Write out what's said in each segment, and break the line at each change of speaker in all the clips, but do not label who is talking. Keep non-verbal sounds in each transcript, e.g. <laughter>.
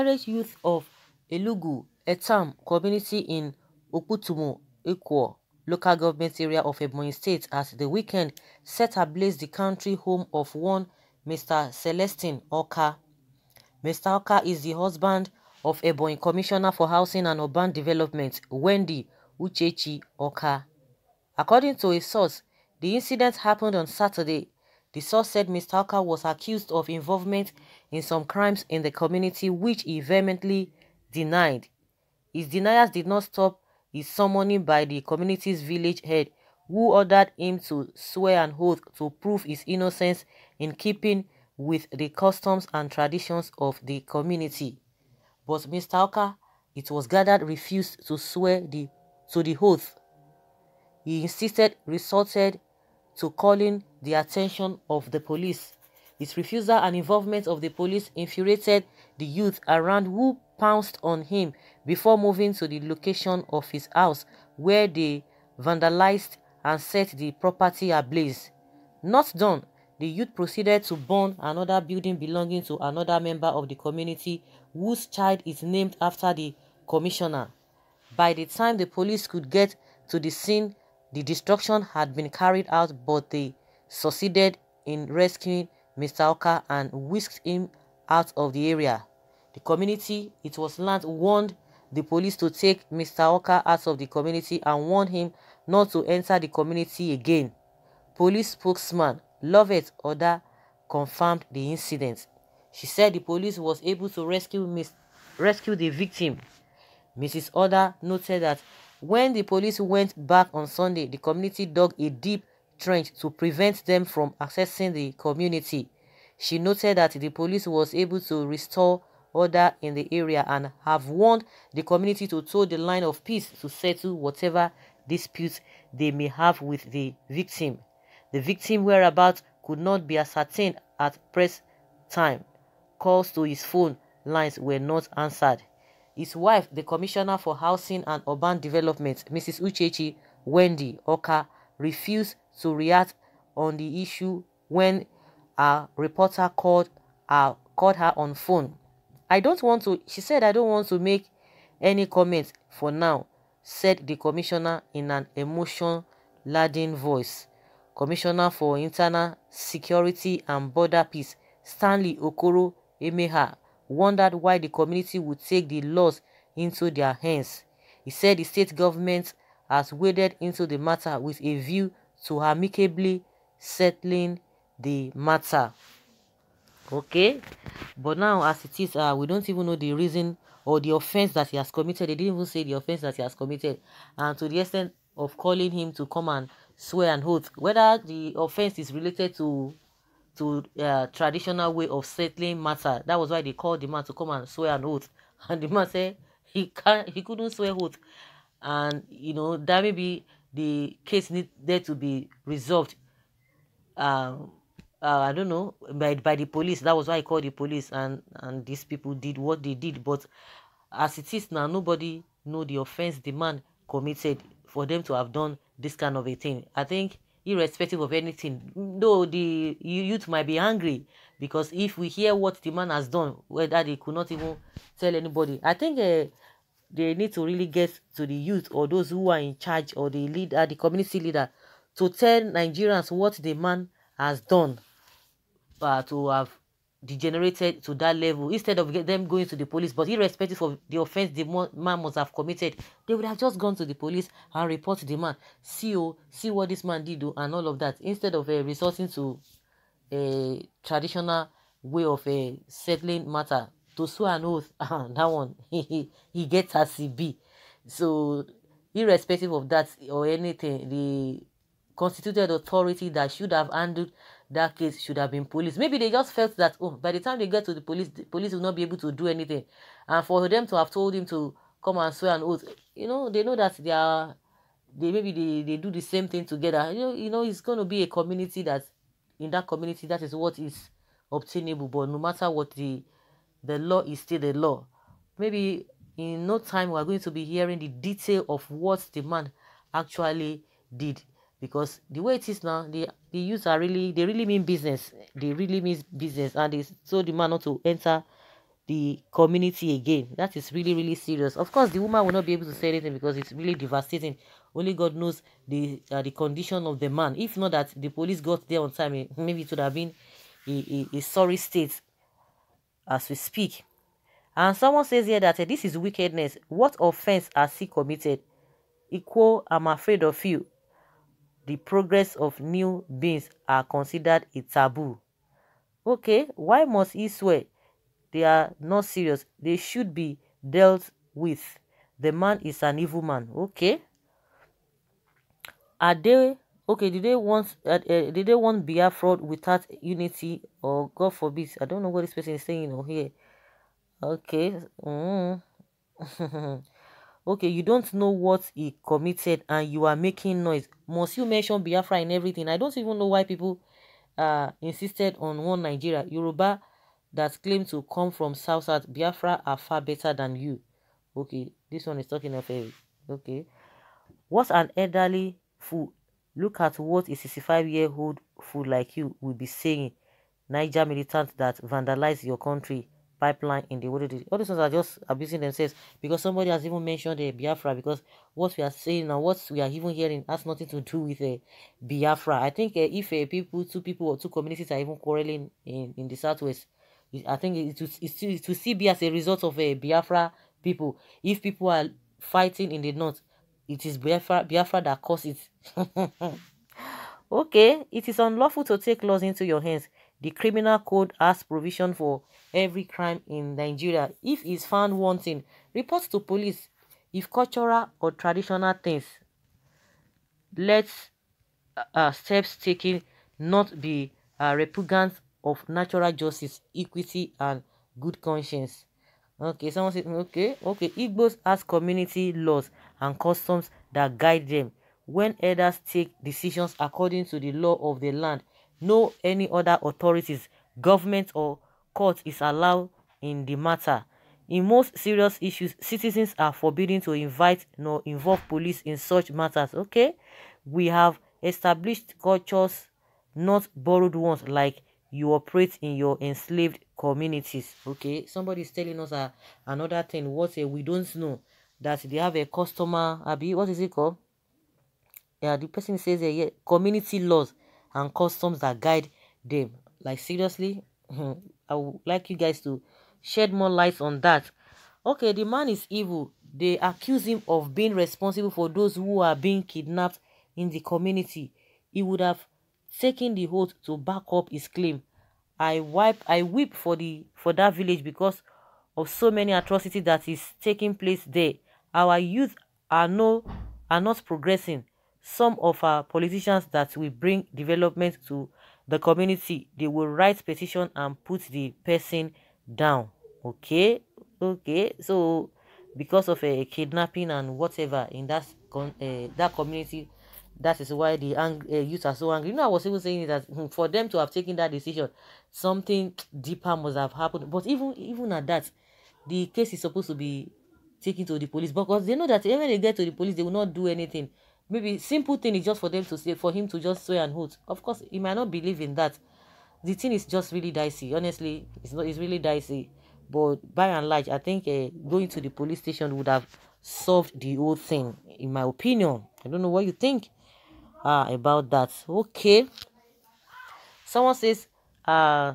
Irish youth of a town community in Okutumu Ecore local government area of Ebonyi State at the weekend set ablaze the country home of one Mr. Celestine Oka. Mr. Oka is the husband of Ebonyi Commissioner for Housing and Urban Development, Wendy Uchechi Oka. According to a source, the incident happened on Saturday, the source said "Mr. Harker was accused of involvement in some crimes in the community which he vehemently denied. His denials did not stop his summoning by the community's village head who ordered him to swear an oath to prove his innocence in keeping with the customs and traditions of the community. But Mr. Harker, it was gathered, refused to swear the, to the oath. He insisted, resorted to calling the attention of the police. His refusal and involvement of the police infuriated the youth around who pounced on him before moving to the location of his house where they vandalized and set the property ablaze. Not done, the youth proceeded to burn another building belonging to another member of the community whose child is named after the commissioner. By the time the police could get to the scene, the destruction had been carried out but succeeded in rescuing Mr. Oka and whisked him out of the area. The community, it was land, warned the police to take Mr. Oka out of the community and warned him not to enter the community again. Police spokesman Lovett Oda confirmed the incident. She said the police was able to rescue, Miss, rescue the victim. Mrs. Oda noted that when the police went back on Sunday, the community dug a deep trench to prevent them from accessing the community. She noted that the police was able to restore order in the area and have warned the community to tow the line of peace to settle whatever disputes they may have with the victim. The victim whereabouts could not be ascertained at press time. Calls to his phone lines were not answered. His wife, the Commissioner for Housing and Urban Development, Mrs. Uchechi Wendy Oka, refused to react on the issue when a reporter called her, called her on phone. I don't want to, she said, I don't want to make any comments for now, said the commissioner in an emotion-laden voice. Commissioner for Internal Security and Border Peace, Stanley Okoro Emeha, wondered why the community would take the laws into their hands. He said the state government has waded into the matter with a view to amicably settling the matter okay but now as it is uh, we don't even know the reason or the offense that he has committed they didn't even say the offense that he has committed and to the extent of calling him to come and swear an oath whether the offense is related to to uh, traditional way of settling matter that was why they called the man to come and swear an oath <laughs> and the man said he can't he couldn't swear oath and you know that may be the case need there to be resolved um, uh, I don't know by by the police. That was why I called the police, and and these people did what they did. But as it is now, nobody know the offense the man committed for them to have done this kind of a thing. I think irrespective of anything, though the youth might be angry because if we hear what the man has done, whether they could not even tell anybody. I think uh, they need to really get to the youth or those who are in charge or the leader, uh, the community leader, to tell Nigerians what the man has done uh, to have degenerated to that level instead of them going to the police. But irrespective of the offense the man must have committed, they would have just gone to the police and report the man. See, oh, see what this man did, oh, and all of that instead of uh, resorting to a traditional way of uh, settling matter to swear an oath, that one, <laughs> he gets a CB. So, irrespective of that or anything, the constituted authority that should have handled that case should have been police. Maybe they just felt that, oh, by the time they get to the police, the police will not be able to do anything. And for them to have told him to come and swear an oath, you know, they know that they are, they maybe they, they do the same thing together. You know, you know, it's going to be a community that, in that community, that is what is obtainable. But no matter what the the law is still the law. Maybe in no time we are going to be hearing the detail of what the man actually did because the way it is now the the youths are really they really mean business they really mean business and they told the man not to enter the community again that is really really serious of course the woman will not be able to say anything because it's really devastating only god knows the uh, the condition of the man if not that the police got there on time eh, maybe it would have been a, a, a sorry state as we speak. And someone says here that eh, this is wickedness. What offense has he committed? Equal, I'm afraid of you. The progress of new beings are considered a taboo. Okay, why must he swear? They are not serious. They should be dealt with. The man is an evil man. Okay. Are they okay did they want uh, uh, did they want fraud without unity or god forbid i don't know what this person is saying over here okay mm. <laughs> okay you don't know what he committed and you are making noise must you mention biafra and everything i don't even know why people uh insisted on one nigeria yoruba that claim to come from south south biafra are far better than you okay this one is talking of a okay what's an elderly fool Look at what a 65-year-old fool like you will be saying. Niger militants that vandalize your country pipeline in the world. All these ones are just abusing themselves because somebody has even mentioned the uh, Biafra because what we are saying and what we are even hearing has nothing to do with uh, Biafra. I think uh, if uh, people, two people or two communities are even quarreling in, in the southwest, I think it, to it, will be as a result of uh, Biafra people. If people are fighting in the north, it is Biafra, Biafra that caused it. <laughs> okay, it is unlawful to take laws into your hands. The criminal code has provision for every crime in Nigeria. If is found wanting, report to police. If cultural or traditional things, let uh, uh steps taken not be uh, repugnant of natural justice, equity, and good conscience. Okay, someone said, okay, okay. Igbos has community laws and customs that guide them. When elders take decisions according to the law of the land, no any other authorities, government or court is allowed in the matter. In most serious issues, citizens are forbidden to invite nor involve police in such matters. Okay, we have established cultures, not borrowed ones like you operate in your enslaved communities okay somebody is telling us a uh, another thing what uh, we don't know that they have a customer Abby, what is it called yeah the person says uh, yeah, community laws and customs that guide them like seriously hmm, i would like you guys to shed more light on that okay the man is evil they accuse him of being responsible for those who are being kidnapped in the community he would have taking the oath to back up his claim. I wipe I weep for the for that village because of so many atrocities that is taking place there. Our youth are no are not progressing. Some of our politicians that will bring development to the community, they will write petition and put the person down. Okay, okay. So because of a kidnapping and whatever in that con uh, that community that is why the ang- uh, youth are so angry. You know, I was even saying that hmm, for them to have taken that decision, something deeper must have happened. But even even at that, the case is supposed to be taken to the police because they know that even they get to the police, they will not do anything. Maybe simple thing is just for them to say, for him to just swear and hoot. Of course, he might not believe in that. The thing is just really dicey. Honestly, it's not. It's really dicey. But by and large, I think uh, going to the police station would have solved the whole thing, in my opinion. I don't know what you think uh, about that. Okay. Someone says, uh,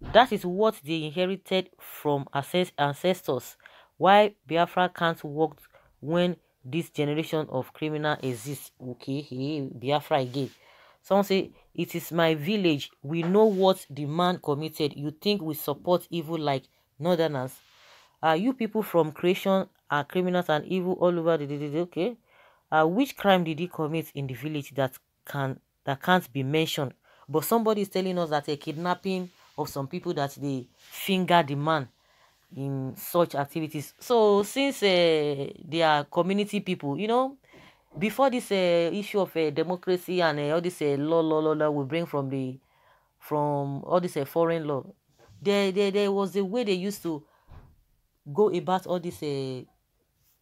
that is what they inherited from ancestors. Why Biafra can't work when this generation of criminal exists? Okay, hey, Biafra again. Someone say, it is my village. We know what the man committed. You think we support evil like northerners? Are uh, you people from creation are criminals and evil all over the... Okay. Uh, which crime did he commit in the village that can that can't be mentioned? But somebody is telling us that a kidnapping of some people that they finger the man in such activities. So since uh, they are community people, you know, before this uh, issue of uh, democracy and uh, all this uh, law, law, law, law we bring from the from all this uh, foreign law, there, there, there was a way they used to go about all this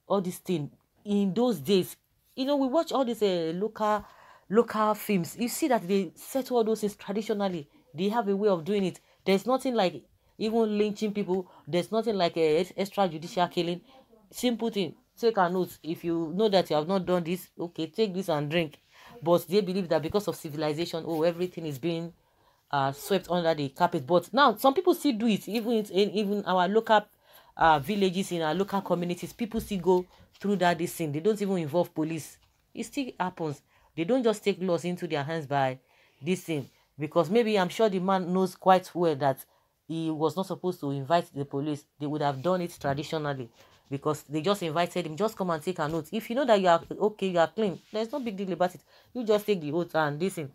all this thing in those days you know, we watch all these uh, local local films. You see that they set all those things traditionally. They have a way of doing it. There's nothing like even lynching people. There's nothing like a uh, extrajudicial killing. Simple thing. Take a note. If you know that you have not done this, okay, take this and drink. But they believe that because of civilization, oh, everything is being uh, swept under the carpet. But now some people still do it, even in, even our local uh, villages in our local communities people still go through that this thing they don't even involve police it still happens they don't just take laws into their hands by this thing because maybe i'm sure the man knows quite well that he was not supposed to invite the police they would have done it traditionally because they just invited him just come and take a note if you know that you are okay you are clean there's no big deal about it you just take the oath and thing.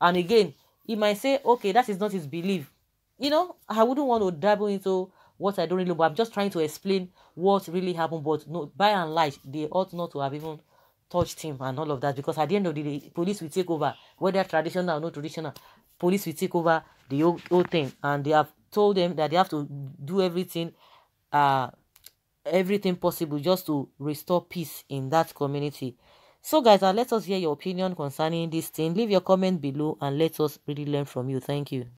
and again he might say okay that is not his belief you know i wouldn't want to dabble into what I don't really, but I'm just trying to explain what really happened. But no, by and large, they ought not to have even touched him and all of that because at the end of the day, police will take over, whether traditional or not traditional, police will take over the whole, whole thing. And they have told them that they have to do everything, uh, everything possible just to restore peace in that community. So, guys, uh, let us hear your opinion concerning this thing. Leave your comment below and let us really learn from you. Thank you.